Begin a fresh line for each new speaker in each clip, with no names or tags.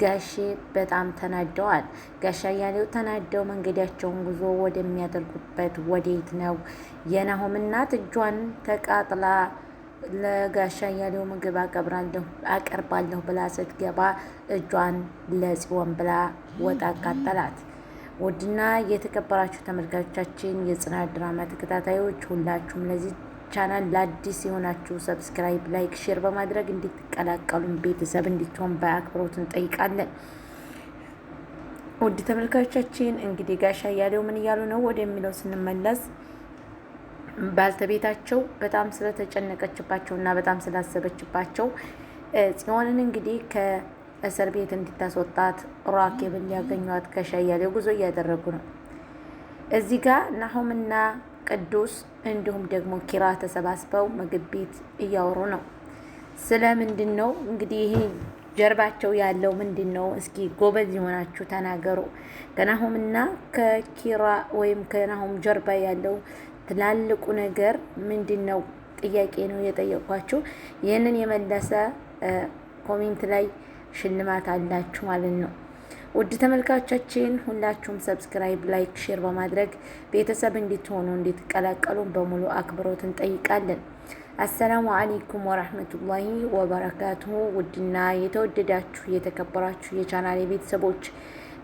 ጋሼ በጣም ተናደዋል። ጋሻ እያሌው ተናደው መንገዳቸውን ጉዞ ወደሚያደርጉበት ወዴት ነው? የናሆም እናት እጇን ተቃጥላ ለጋሻ እያሌው ምግብ አቀርባለሁ ብላ ስትገባ እጇን ለጽዮን ብላ ወጥ አቃጠላት። ውድና የተከበራችሁ ተመልካቾቻችን የጽናት ድራማ ተከታታዮች ሁላችሁም ለዚህ ቻናል ለአዲስ የሆናችሁ ሰብስክራይብ፣ ላይክ፣ ሼር በማድረግ እንድትቀላቀሉን ቤተሰብ እንድትሆን በአክብሮት እንጠይቃለን። ውድ ተመልካቾቻችን እንግዲህ ጋሻ እያሌው ምን እያሉ ነው ወደሚለው ስንመለስ ባልተቤታቸው በጣም ስለተጨነቀችባቸው እና በጣም ስላሰበችባቸው ጽዮንን እንግዲህ ከእስር ቤት እንድታስወጣት ራኬብን ሊያገኟት ጋሻ እያሌው ጉዞ እያደረጉ ነው። እዚህ ጋር ናሆምና ቅዱስ እንዲሁም ደግሞ ኪራ ተሰባስበው ምግብ ቤት እያወሩ ነው። ስለ ምንድን ነው እንግዲህ ይሄ ጀርባቸው ያለው ምንድን ነው? እስኪ ጎበዝ የሆናችሁ ተናገሩ። ከናሁምና ከኪራ ወይም ከናሁም ጀርባ ያለው ትላልቁ ነገር ምንድን ነው? ጥያቄ ነው የጠየኳችሁ። ይህንን የመለሰ ኮሜንት ላይ ሽልማት አላችሁ ማለት ነው። ውድ ተመልካቻችን ሁላችሁም ሰብስክራይብ፣ ላይክ፣ ሼር በማድረግ ቤተሰብ እንድትሆኑ እንድትቀላቀሉ በሙሉ አክብሮት እንጠይቃለን። አሰላሙ አሌይኩም ወራህመቱላሂ ወበረካቱሁ። ውድና የተወደዳችሁ የተከበራችሁ የቻናል ቤተሰቦች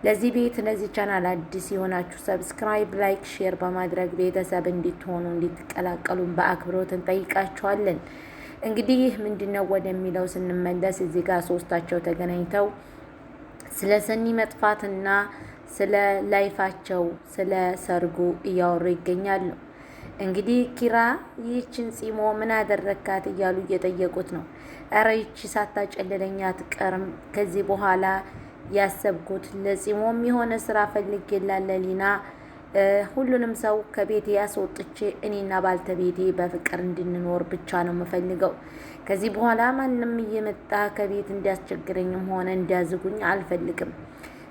ለዚህ ቤት ለዚህ ቻናል አዲስ የሆናችሁ ሰብስክራይብ፣ ላይክ፣ ሼር በማድረግ ቤተሰብ እንድትሆኑ እንድትቀላቀሉን በአክብሮት እንጠይቃችኋለን። እንግዲህ ይህ ምንድነው ወደሚለው ስንመለስ እዚህ ጋር ሶስታቸው ተገናኝተው ስለ ሰኒ መጥፋትና ስለ ላይፋቸው ስለ ሰርጉ እያወሩ ይገኛሉ። እንግዲህ ኪራ ይህችን ፂሞ ምን አደረካት እያሉ እየጠየቁት ነው። እረ ይቺ ሳታጨልለኝ አትቀርም። ከዚህ በኋላ ያሰብኩት ለጺሞም የሆነ ስራ ፈልጌላት ለሊና ሁሉንም ሰው ከቤቴ ያስወጥቼ እኔና ባልተቤቴ በፍቅር እንድንኖር ብቻ ነው የምፈልገው። ከዚህ በኋላ ማንም እየመጣ ከቤት እንዲያስቸግረኝም ሆነ እንዲያዝጉኝ አልፈልግም።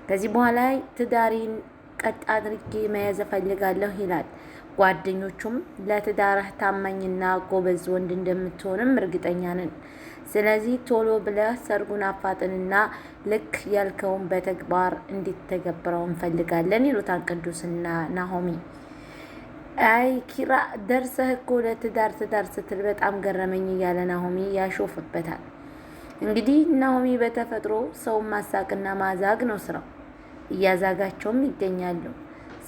ከዚህ በኋላ ትዳሬን ቀጥ አድርጌ መያዝ እፈልጋለሁ ይላል። ጓደኞቹም ለትዳርህ ታማኝና ጎበዝ ወንድ እንደምትሆንም እርግጠኛ ነን። ስለዚህ ቶሎ ብለህ ሰርጉን አፋጥንና ልክ ያልከውን በተግባር እንዲተገብረው እንፈልጋለን ይሉታል ቅዱስና ናሆሚ። አይ ኪራ ደርሰህ እኮ ለትዳር ትዳር ስትል በጣም ገረመኝ እያለ ናሆሚ ያሾፍበታል። እንግዲህ ናሆሚ በተፈጥሮ ሰውን ማሳቅና ማዛግ ነው ስራው፣ እያዛጋቸውም ይገኛሉ።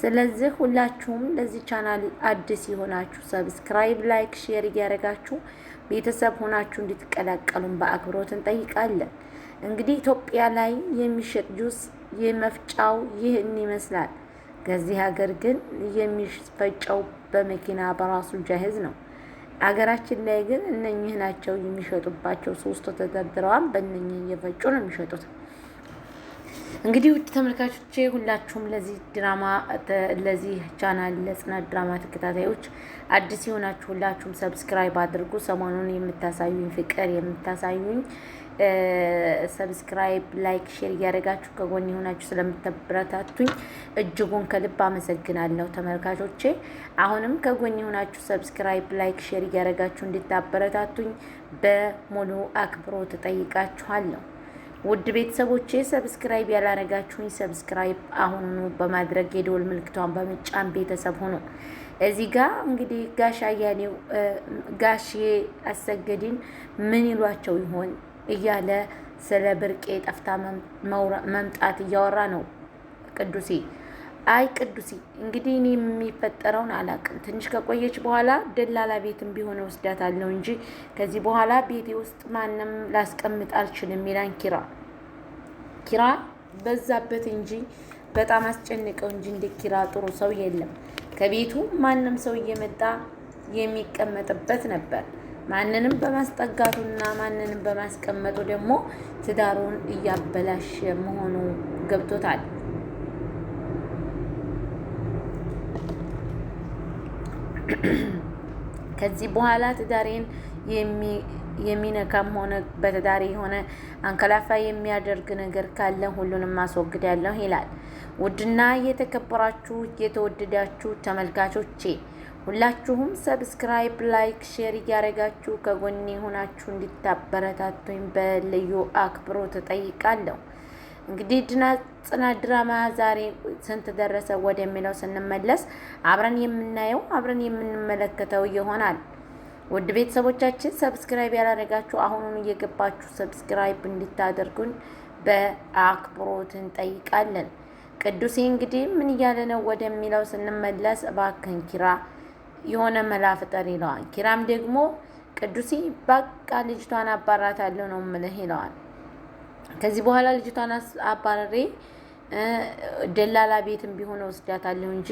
ስለዚህ ሁላችሁም ለዚህ ቻናል አዲስ የሆናችሁ ሰብስክራይብ፣ ላይክ፣ ሼር እያደረጋችሁ ቤተሰብ ሆናችሁ እንድትቀላቀሉን በአክብሮት እንጠይቃለን። እንግዲህ ኢትዮጵያ ላይ የሚሸጥ ጁስ የመፍጫው ይህን ይመስላል። ከዚህ ሀገር ግን የሚፈጨው በመኪና በራሱ ጃሄዝ ነው። አገራችን ላይ ግን እነኚህ ናቸው የሚሸጡባቸው። ሶስቱ ተደርድረዋል። በእነኚህ እየፈጩ ነው የሚሸጡት። እንግዲህ ውድ ተመልካቾቼ ሁላችሁም ለዚህ ድራማ ለዚህ ቻናል ለጽናት ድራማ ተከታታዮች አዲስ የሆናችሁ ሁላችሁም ሰብስክራይብ አድርጉ። ሰሞኑን የምታሳዩኝ ፍቅር የምታሳዩኝ ሰብስክራይብ፣ ላይክ፣ ሼር እያደረጋችሁ ከጎን የሆናችሁ ስለምታበረታቱኝ እጅጉን ከልብ አመሰግናለሁ ተመልካቾቼ። አሁንም ከጎን የሆናችሁ ሰብስክራይብ፣ ላይክ፣ ሼር እያደረጋችሁ እንድታበረታቱኝ በሙሉ አክብሮ ትጠይቃችኋለሁ። ውድ ቤተሰቦቼ ሰብስክራይብ ያላረጋችሁኝ ሰብስክራይብ አሁኑ በማድረግ የደወል ምልክቷን በመጫን ቤተሰብ ሆኖ እዚህ ጋ እንግዲህ ጋሽ አያሌው ጋሼ አሰገድን ምን ይሏቸው ይሆን? እያለ ስለ ብርቄ ጠፍታ መምጣት እያወራ ነው ቅዱሴ። አይ ቅዱሴ፣ እንግዲህ እኔ የሚፈጠረውን አላውቅም። ትንሽ ከቆየች በኋላ ደላላ ቤትም ቢሆን ወስዳታለሁ እንጂ ከዚህ በኋላ ቤቴ ውስጥ ማንም ላስቀምጥ አልችልም ይላን ኪራ ኪራ በዛበት እንጂ በጣም አስጨንቀው እንጂ እንደ ኪራ ጥሩ ሰው የለም። ከቤቱ ማንም ሰው እየመጣ የሚቀመጥበት ነበር። ማንንም በማስጠጋቱና ማንንም በማስቀመጡ ደግሞ ትዳሩን እያበላሸ መሆኑ ገብቶታል። ከዚህ በኋላ ትዳሬን የሚነካም ሆነ በተዳሪ የሆነ አንከላፋ የሚያደርግ ነገር ካለ ሁሉንም ማስወግዳለሁ ይላል። ውድና የተከበራችሁ የተወደዳችሁ ተመልካቾቼ ሁላችሁም ሰብስክራይብ፣ ላይክ፣ ሼር እያደረጋችሁ ከጎኔ ሆናችሁ እንዲታበረታቱኝ በልዩ አክብሮት ተጠይቃለሁ። እንግዲህ ጽናት ድራማ ዛሬ ስንት ደረሰ ወደሚለው ስንመለስ አብረን የምናየው አብረን የምንመለከተው ይሆናል። ውድ ቤተሰቦቻችን ሰብስክራይብ ያላደረጋችሁ አሁኑን እየገባችሁ ሰብስክራይብ እንድታደርጉን በአክብሮት እንጠይቃለን። ቅዱሴ እንግዲህ ምን እያለ ነው ወደሚለው ስንመለስ እባክህን ኪራ የሆነ መላ ፍጠር ይለዋል። ኪራም ደግሞ ቅዱሴ በቃ ልጅቷን አባራታለሁ ነው ምልህ ይለዋል። ከዚህ በኋላ ልጅቷን አባረሬ ደላላ ቤትም ቢሆን ወስዳታለሁ እንጂ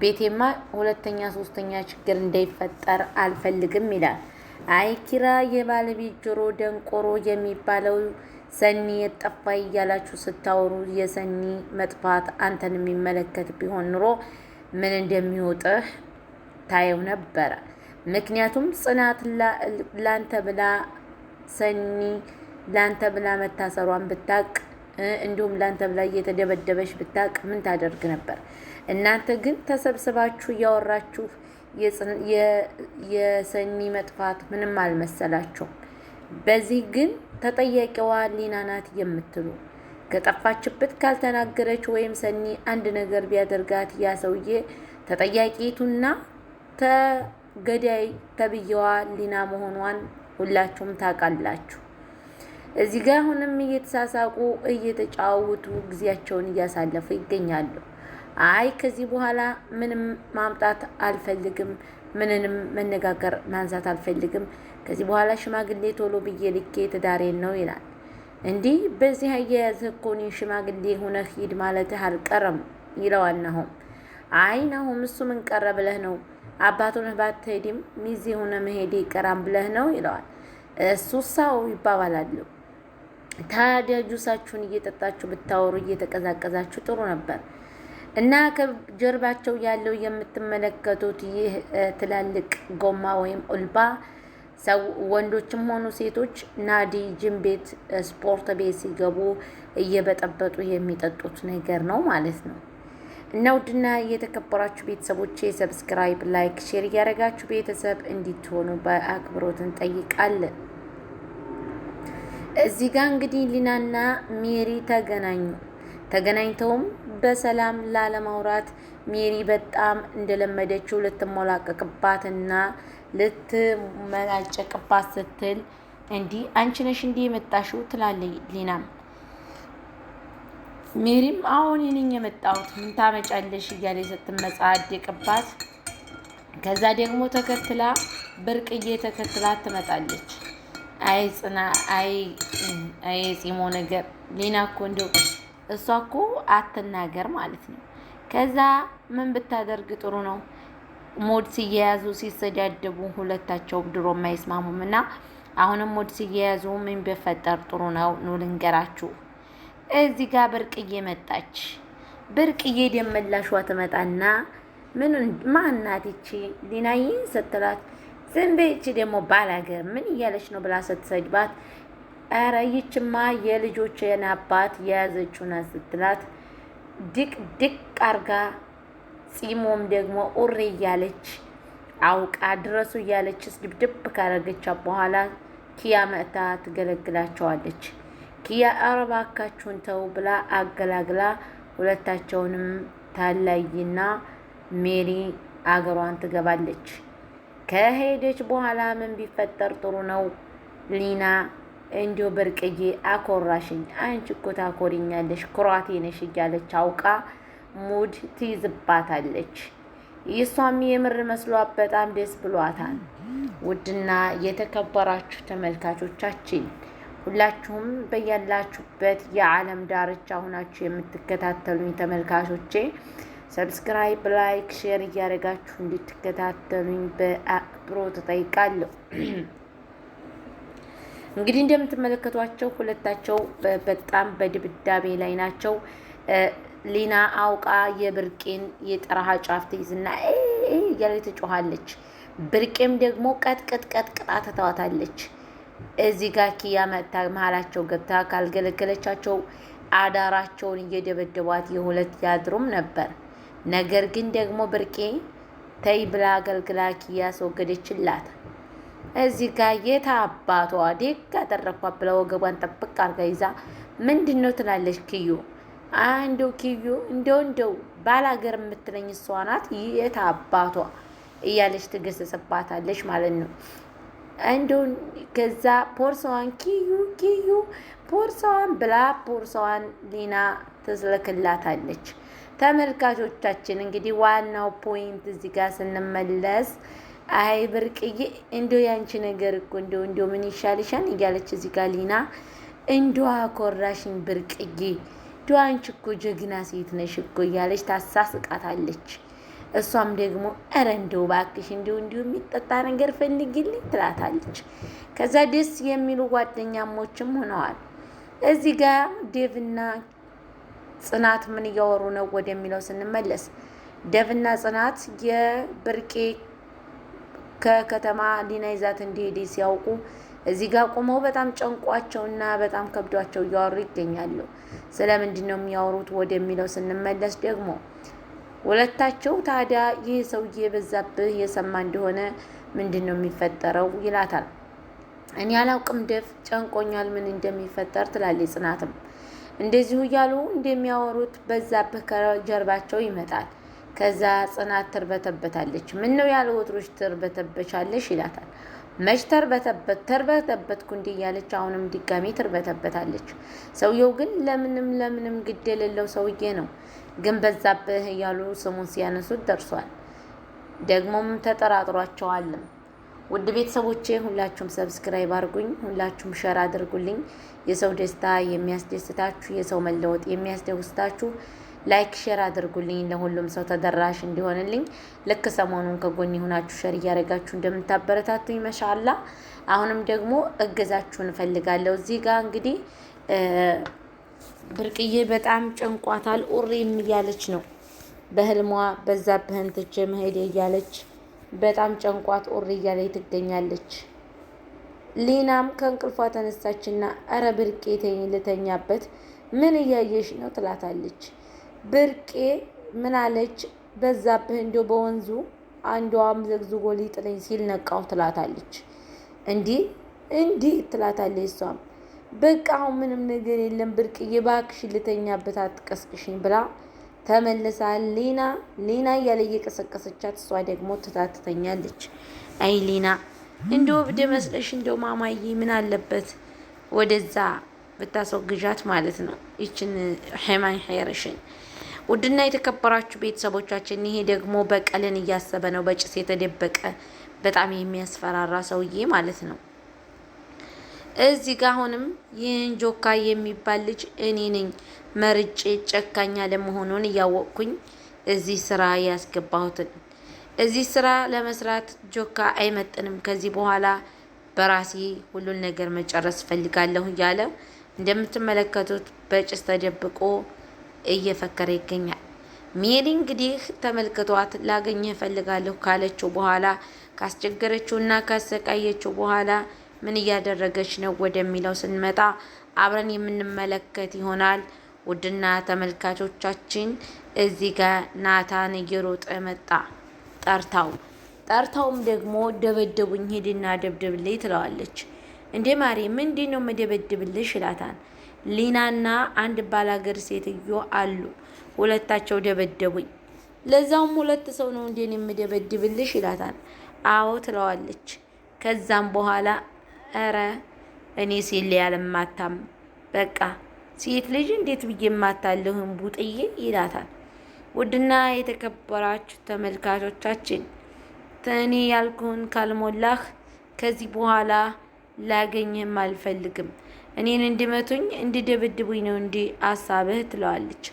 ቤቴማ ሁለተኛ ሶስተኛ ችግር እንዳይፈጠር አልፈልግም ይላል። አይ ኪራ የባለቤት ጆሮ ደንቆሮ የሚባለው ሰኒ የጠፋ እያላችሁ ስታወሩ የሰኒ መጥፋት አንተን የሚመለከት ቢሆን ኑሮ ምን እንደሚወጥህ ታየው ነበረ። ምክንያቱም ጽናት ላንተ ብላ ሰኒ ላንተ ብላ መታሰሯን ብታቅ እንዲሁም ላንተ ብላ እየተደበደበች ብታቅ ምን ታደርግ ነበር? እናንተ ግን ተሰብስባችሁ እያወራችሁ የሰኒ መጥፋት ምንም አልመሰላችሁም። በዚህ ግን ተጠያቂዋ ሊና ናት የምትሉ ከጠፋችበት ካልተናገረች ወይም ሰኒ አንድ ነገር ቢያደርጋት ያ ሰውዬ ተጠያቂቱና ተገዳይ ተብዬዋ ሊና መሆኗን ሁላችሁም ታውቃላችሁ። እዚህ ጋር አሁንም እየተሳሳቁ እየተጫወቱ ጊዜያቸውን እያሳለፉ ይገኛሉ። አይ ከዚህ በኋላ ምንም ማምጣት አልፈልግም፣ ምንንም መነጋገር ማንሳት አልፈልግም። ከዚህ በኋላ ሽማግሌ ቶሎ ብዬ ልኬ ትዳሬን ነው ይላል። እንዲህ በዚህ አያያዝህ እኮ እኔ ሽማግሌ ሁነህ ሂድ ማለትህ አልቀረም ይለዋል ናሆም። አይ ናሆም እሱ ምን ቀረ ብለህ ነው አባቱን ባትሄድም ሚዜ ሆነ መሄድ ይቀራም ብለህ ነው ይለዋል። ሱሳው ይባባላሉ። ታዲያ ጁሳችሁን እየጠጣችሁ ብታወሩ እየተቀዛቀዛችሁ ጥሩ ነበር። እና ከጀርባቸው ያለው የምትመለከቱት ይህ ትላልቅ ጎማ ወይም ኡልባ ወንዶችም ሆኑ ሴቶች ናዲ ጅም ቤት፣ ስፖርት ቤት ሲገቡ እየበጠበጡ የሚጠጡት ነገር ነው ማለት ነው። እና ውድና የተከበራችሁ ቤተሰቦቼ ሰብስክራይብ፣ ላይክ፣ ሼር እያደረጋችሁ ቤተሰብ እንዲትሆኑ በአክብሮት እንጠይቃለን። እዚህ ጋር እንግዲህ ሊናና ሜሪ ተገናኙ። ተገናኝተውም በሰላም ላለማውራት ሜሪ በጣም እንደለመደችው ልትሞላቀቅባትና ልትመናጨቅባት ስትል እንዲህ አንቺ ነሽ እንዲህ የመጣሽው ትላለች ሊናም ሜሪም አሁን ይህንኝ የመጣሁት ምን ታመጫለሽ እያለ ስትመጻደቅባት፣ ከዛ ደግሞ ተከትላ ብርቅዬ ተከትላ ትመጣለች። አይ ጽና አይ አይ ጽሞ ነገር ሌና እኮ እንደው እሷ እኮ አትናገር ማለት ነው። ከዛ ምን ብታደርግ ጥሩ ነው? ሞድ ሲያያዙ ሲሰዳደቡ ሁለታቸው ድሮ አይስማሙም እና አሁንም ሞድ ሲያያዙ ምን ቢፈጠር ጥሩ ነው? ኑ ልንገራችሁ እዚህ ጋር ብርቅዬ መጣች። ብርቅዬ ደመላሿ ትመጣና ምን ማናት ይቺ ሊናይን ስትላት፣ ዝም በይ ይቺ ደግሞ ባላገር ምን እያለች ነው ብላ ስትሰድባት፣ ኧረ ይችማ የልጆችን አባት የያዘችው ናት ስትላት፣ ድቅ ድቅ አርጋ ጺሞም ደግሞ ኡሬ እያለች አውቃ ድረሱ እያለች ድብድብ ካረገቻት በኋላ ኪያ መጥታ ትገለግላቸዋለች። የአረባካችሁን ተው ብላ አገላግላ ሁለታቸውንም ታላይና ሜሪ አገሯን ትገባለች። ከሄደች በኋላ ምን ቢፈጠር ጥሩ ነው? ሊና እንዲሁ ብርቅዬ አኮራሽኝ፣ አንቺ እኮ ታኮሪኛለሽ፣ ኩራቴ ነሽ እያለች አውቃ ሙድ ትይዝባታለች። ይሷም የምር መስሏት በጣም ደስ ብሏታል። ውድና የተከበራችሁ ተመልካቾቻችን ሁላችሁም በያላችሁበት የዓለም ዳርቻ ሁናችሁ የምትከታተሉኝ ተመልካቾቼ ሰብስክራይብ፣ ላይክ፣ ሼር እያደረጋችሁ እንድትከታተሉኝ በአክብሮት እጠይቃለሁ። እንግዲህ እንደምትመለከቷቸው ሁለታቸው በጣም በድብዳቤ ላይ ናቸው። ሊና አውቃ የብርቄን የጠረሃ ጫፍ ትይዝና እያለች ትጮኋለች። ብርቄም ደግሞ ቀጥቀጥ ቀጥቅጣ ትተዋታለች። እዚህ ጋር ኪያ መጥታ መሀላቸው ገብታ ካልገለገለቻቸው አዳራቸውን እየደበደቧት የሁለት ያድሩም ነበር። ነገር ግን ደግሞ ብርቄ ተይ ብላ አገልግላ ኪያ አስወገደችላት። እዚህ ጋ የታ አባቷ ዴግ አደረኳት ብላ ወገቧን ጠብቅ አርጋ ይዛ ምንድን ነው ትላለች ክዩ አንደው ኪዩ እንደው እንደው ባላገር የምትለኝ እሷ ናት የታ አባቷ እያለች ትገሰጽባታለች ማለት ነው። እንዲሁም ከዛ ቦርሳዋን ኪዩ ኪዩ ቦርሳዋን ብላ ቦርሳዋን ሊና ትስልክላታለች ተመልካቾቻችን እንግዲህ ዋናው ፖይንት እዚህ ጋር ስንመለስ አይ ብርቅዬ እንዲያው ያንቺ ነገር እኮ እንዲያው እንዲያው ምን ይሻልሻል እያለች እዚህ ጋር ሊና እንዲያው አኮራሽኝ ብርቅዬ፣ እንዲያው አንቺ እኮ ጀግና ሴት ነሽ እኮ እያለች ታሳስቃታለች። እሷም ደግሞ እረ እንደው እባክሽ እንዲሁ እንዲሁ የሚጠጣ ነገር ፈልግልኝ ትላታለች። ከዛ ደስ የሚሉ ጓደኛሞችም ሆነዋል። እዚህ ጋር ዴቭና ጽናት ምን እያወሩ ነው ወደሚለው ስንመለስ ዴቭና ጽናት የብርቄ ከከተማ ሊና ይዛት እንደሄደ ሲያውቁ እዚህ ጋር ቆመው በጣም ጨንቋቸውና በጣም ከብዷቸው እያወሩ ይገኛሉ። ስለምንድን ነው የሚያወሩት ወደሚለው ስንመለስ ደግሞ ሁለታቸው ታዲያ ይህ ሰውዬ በዛብህ የሰማ እንደሆነ ምንድን ነው የሚፈጠረው ይላታል። እኔ አላውቅም ደፍ ጨንቆኛል፣ ምን እንደሚፈጠር ትላለች ጽናትም። እንደዚሁ እያሉ እንደሚያወሩት በዛብህ ከጀርባቸው ይመጣል። ከዛ ጽናት ትርበተበታለች። ምን ነው ያለ ወትሮች ትርበተበቻለሽ ይላታል። መች ተርበተበት ተርበተበት እንዲህ እያለች አሁንም ድጋሜ ትርበተበታለች። ሰውየው ግን ለምንም ለምንም ግድ የሌለው ሰውዬ ነው፣ ግን በዛብህ እያሉ ስሙን ሲያነሱት ደርሷል። ደግሞም ተጠራጥሯቸዋልም። ውድ ቤተሰቦቼ ሁላችሁም ሰብስክራይብ አድርጉኝ፣ ሁላችሁም ሸር አድርጉልኝ። የሰው ደስታ የሚያስደስታችሁ፣ የሰው መለወጥ የሚያስደስታችሁ ላይክ ሼር አድርጉልኝ ለሁሉም ሰው ተደራሽ እንዲሆንልኝ። ልክ ሰሞኑን ከጎን የሆናችሁ ሸር እያደረጋችሁ እንደምታበረታቱኝ መሻላ አሁንም ደግሞ እገዛችሁን እፈልጋለሁ። እዚህ ጋር እንግዲህ ብርቅዬ በጣም ጨንቋታል። ኡሪም እያለች ነው በህልሟ በዛብህን ትቼ መሄድ እያለች በጣም ጨንቋት ኡሪ እያለች ትገኛለች። ሊናም ከእንቅልፏ ተነሳችና ኧረ ብርቄ ተኝ ልተኛበት ምን እያየሽ ነው ትላታለች። ብርቄ ምናለች በዛብህ እንዲያው በወንዙ አንዷም ዘግዝጎ ሊጥለኝ ሲል ነቃው ትላታለች። እንዲህ እንዲህ ትላታለች። እሷም በቃ አሁን ምንም ነገር የለም ብርቅዬ፣ እባክሽ ልተኛበት አትቀስቅሽኝ ብላ ተመልሳ ሊና ሊና እያለ እየቀሰቀሰቻት እሷ ደግሞ ትታት ትተኛለች። አይ ሊና እንደ ወብድ መስለሽ እንደው ማማዬ ምን አለበት ወደዛ ብታስወግዣት ማለት ነው ይችን ሄማን ሄረሽን ውድና የተከበራችሁ ቤተሰቦቻችን ይሄ ደግሞ በቀልን እያሰበ ነው። በጭስ የተደበቀ በጣም የሚያስፈራራ ሰውዬ ማለት ነው። እዚህ ጋ አሁንም ይህን ጆካ የሚባል ልጅ እኔ ነኝ መርጬ ጨካኝ አለመሆኑን እያወቅኩኝ እዚህ ስራ ያስገባሁትን እዚህ ስራ ለመስራት ጆካ አይመጥንም፣ ከዚህ በኋላ በራሴ ሁሉን ነገር መጨረስ ፈልጋለሁ እያለ እንደምትመለከቱት በጭስ ተደብቆ እየፈከረ ይገኛል። ሜሪ እንግዲህ ተመልክቷት ላገኘ እፈልጋለሁ ካለችው በኋላ ካስቸገረችውና ካሰቃየችው በኋላ ምን እያደረገች ነው ወደሚለው ስንመጣ አብረን የምንመለከት ይሆናል። ውድና ተመልካቾቻችን እዚህ ጋር ናታን እየሮጠ መጣ። ጠርታው ጠርታውም ደግሞ ደበደቡኝ፣ ሂድና ደብድብልኝ ትለዋለች። እንዴ ማሪ ምንድን ነው መደበድብልሽ? ይላታን። ሊናና አንድ ባላገር ሴትዮ አሉ። ሁለታቸው ደበደቡኝ። ለዛውም ሁለት ሰው ነው እንዴን የምደበድብልሽ ይላታል። አዎ ትለዋለች። ከዛም በኋላ እረ እኔ ሴት ያለማታም በቃ ሴት ልጅ እንዴት ብዬ የማታለሁን ቡጥዬ ይላታል። ውድና የተከበራችሁ ተመልካቾቻችን እኔ ያልኩህን ካልሞላህ ከዚህ በኋላ ላገኝህም አልፈልግም። እኔን እንድመቱኝ እንድደበድቡኝ ነው እንዲ አሳብህ ትለዋለች።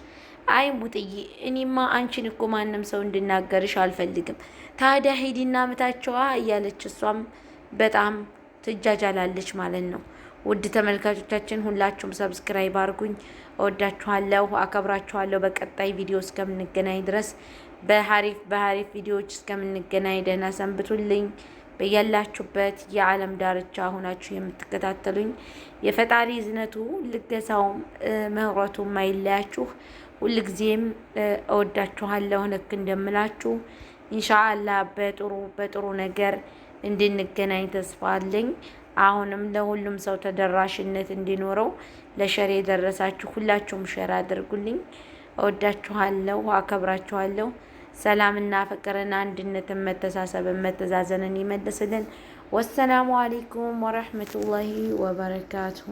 አይ ሙጥዬ፣ እኔማ አንቺን እኮ ማንም ሰው እንድናገርሽ አልፈልግም። ታዲያ ሂዲና ምታቸዋ እያለች እሷም በጣም ትጃጃላለች ማለት ነው። ውድ ተመልካቾቻችን ሁላችሁም ሰብስክራይብ አድርጉኝ። እወዳችኋለሁ፣ አከብራችኋለሁ። በቀጣይ ቪዲዮ እስከምንገናኝ ድረስ በሀሪፍ በሀሪፍ ቪዲዮዎች እስከምንገናኝ ደህና ሰንብቱልኝ። በያላችሁበት የዓለም ዳርቻ ሆናችሁ የምትከታተሉኝ የፈጣሪ እዝነቱ ልገሳውም ምህረቱ ማይለያችሁ ሁልጊዜም እወዳችኋለሁ። ልክ እንደምላችሁ እንሻአላ በጥሩ በጥሩ ነገር እንድንገናኝ ተስፋ አለኝ። አሁንም ለሁሉም ሰው ተደራሽነት እንዲኖረው ለሸር የደረሳችሁ ሁላችሁም ሸር አድርጉልኝ። እወዳችኋለሁ፣ አከብራችኋለሁ። ሰላምና ፍቅርን፣ አንድነትን፣ መተሳሰብን፣ መተዛዘንን ይመልስልን። ወሰላሙ አሌይኩም ወረህመቱላሂ ወበረካቱሁ።